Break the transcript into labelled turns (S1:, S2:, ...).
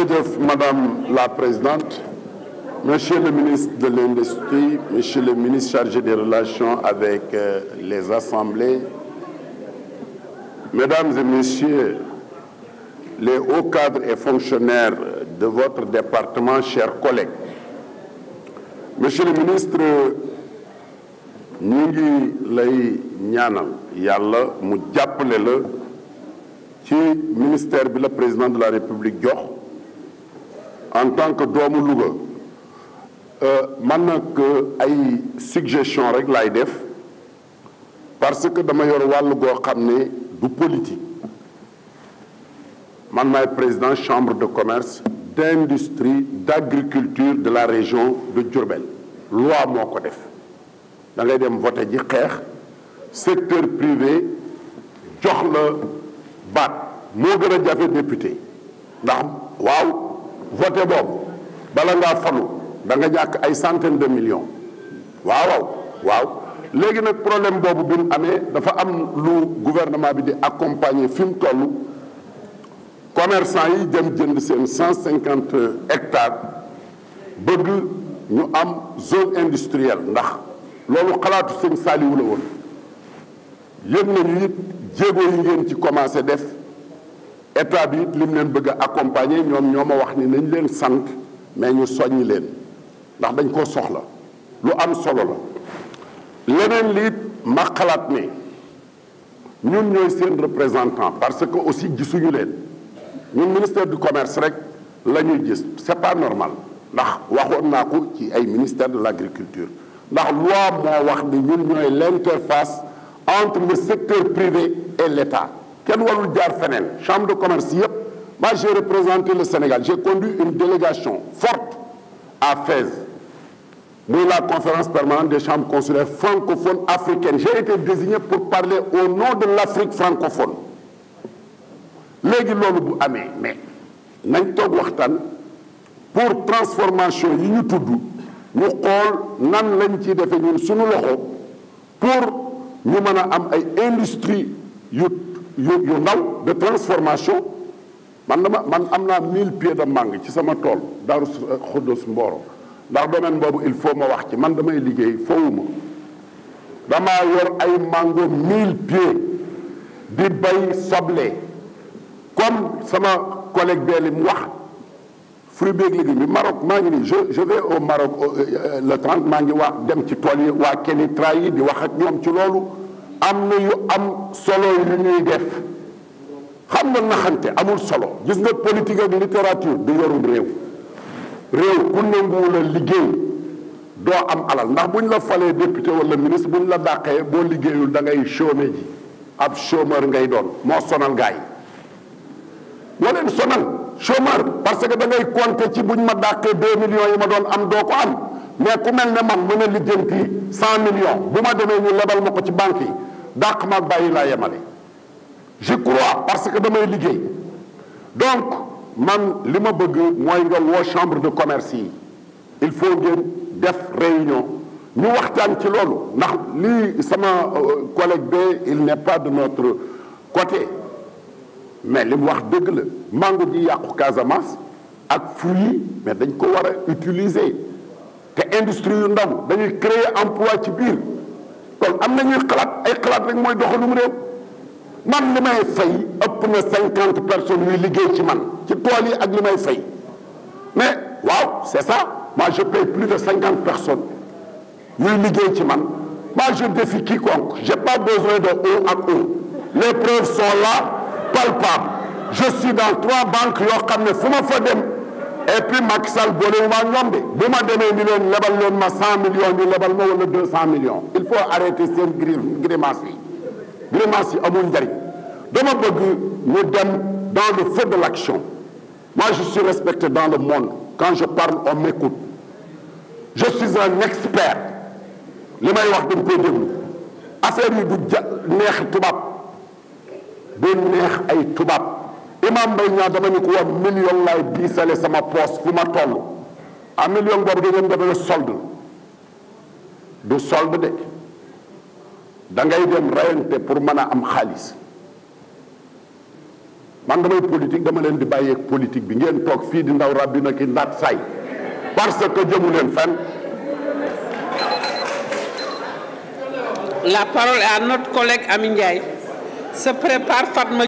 S1: jërëjëf madame la présidente monsieur le ministre de l'industrie monsieur le ministre chargé des relations avec euh, les assemblées mesdames et messieurs les hauts cadre et fonctionnaires de votre département chers collègues monsieur le ministre ñu ngi lay ñaanal yàlla mu jàppale la ci ministère bi la président de la république jox en tant que doomu Louga euh, man nag ay suggestion rek laay def parce que dama yor wàll goo xam ne du politique man maay président chambre de commerce d'industrie d'agriculture de la région de Diourbel loi moo ko def da dem voté ji xeex secteur privé jox la baat moo gën a jafe député ndax waaw voté boobu bala ngaa falu da nga ñàkk ay centaine de millions waaw waaw léegi nag problème boobu bi mu amee dafa am lu gouvernement bi di accompagner fi mu toll commerçant yi dem jënd seen cent cinquante hectares bëgg ñu am zone industrielle ndax loolu xalaatu sëñ Saliou la woon yëg nañu it jéego yi ngeen ci commencé def état bi it lim leen bëgg a accompagner ñoom ñoo ma wax ni nañ leen sant mais ñu soññi leen ndax dañ koo soxla lu am solo la leneen liit ma xalaat ne ñun ñooy seen représentant parce que aussi gisuñu leen ñun ministère du commerce rek la ñuy gis c'est pas normal ndax waxoon naa ko ci ay ministère de l'agriculture ndax loi moo wax ni ñun ñooy l'interface entre le secteur privé et l'État kenn warul jaar feneen chambre de commerce yëpp moi j'ai représenté le Sénégal j'ai conduit une délégation forte à Fès muy la conférence permanente des chambres consulaires francophones africaines j'ai été désigné pour parler au nom de l'Afrique francophone léegi loolu bu amee mais nañ toog waxtaan pour transformation yi ñu tudd ñu xool nan lañ ci defee ñun suñu loxo pour ñu mën a am ay industrie yu yu yu ndaw de transformation man dama man am naa 1000 pieds de mangue ci sama tool Daaru euh, Xuddus Mboro ndax domaine boobu il faut ma wax ci man damay liggéey fowuma dama yor ay mango 1000 pieds di bay soble comme sama collègue bee li mu wax fruit beeg yi Maroc maa ngi nii je vais au Maroc euh, euh, le 30 maa ngi wax dem ci tool yi waa Kénitra yi di wax ak ñoom ci loolu am na yu am solo yu ñuy def xam nga naxante amul solo gis nga politique ak littérature du yorum réew réew ku nanguwul a liggéey doo am alal ndax bu ñu la falee député wala ministre bu ñu la dàqee boo liggéeyul da ngay chômé ji ab chômeur ngay doon moo sonal gaa yi moo leen sonal chômeur parce que da ngay compter bu ñu ma dàqee deux millions yi ma doon am doo ko am mais ku mel ne man mën a lijjanti cent millions bu ma demee ñu lebal ma ko ci banque yi dàq maag bàyyi laa yemale je crois parce que damay liggéey donc man li ma bëgg mooy nga woo chambre de commerce yi il faut ngeen def réunion ñu waxtaan ci loolu ndax lii sama euh, collègue be il n'est pas de notre côté mais li mu wax dëgg la mango ji yàqu Casamance ak fruits mais dañ ko war a te industrie yu ndaw dañuy créer emploi ci biir kon am na ñuy xalaat ay xalaat rek mooy doxalum réew man li may fay cinquante personnes yuy liggéey ci man ci yi ak li may fay mais waaw c'est ça moi je paye plus de cinquante personnes yuy liggéey ci man moi je défie quiconque j'ai pas besoin de un ak un les preuves sont là palpables je suis dans trois banques yoo xam ne fu ma et puis Macky Sall boolewuma ñoom de bu ma demee ni leen lebal leen ma cent millions ñu ma wala il faut arrêter seen grimace yi grimace yi amul njariñ dama dem dans le feu de l'action moi je suis respecté dans le monde quand je parle on m'écoute je suis un expert li may wax dañ koy déglu affaire ja neex tubaab du ay tubaab Imam Mbaye Niang dama ni ko woon million laay diisale sama poos fu ma toll a ah, million boobu da ngeen demee solde du solde de da ngay dem rayante pour mën a am xaalis man damay politique dama leen di bàyyeeg politique bi ngeen toog fii di ndaw rabbi na ki ndaat say parce que jëmu leen fenn La parole est à notre collègue Ami Ndiaye. prépare Fatma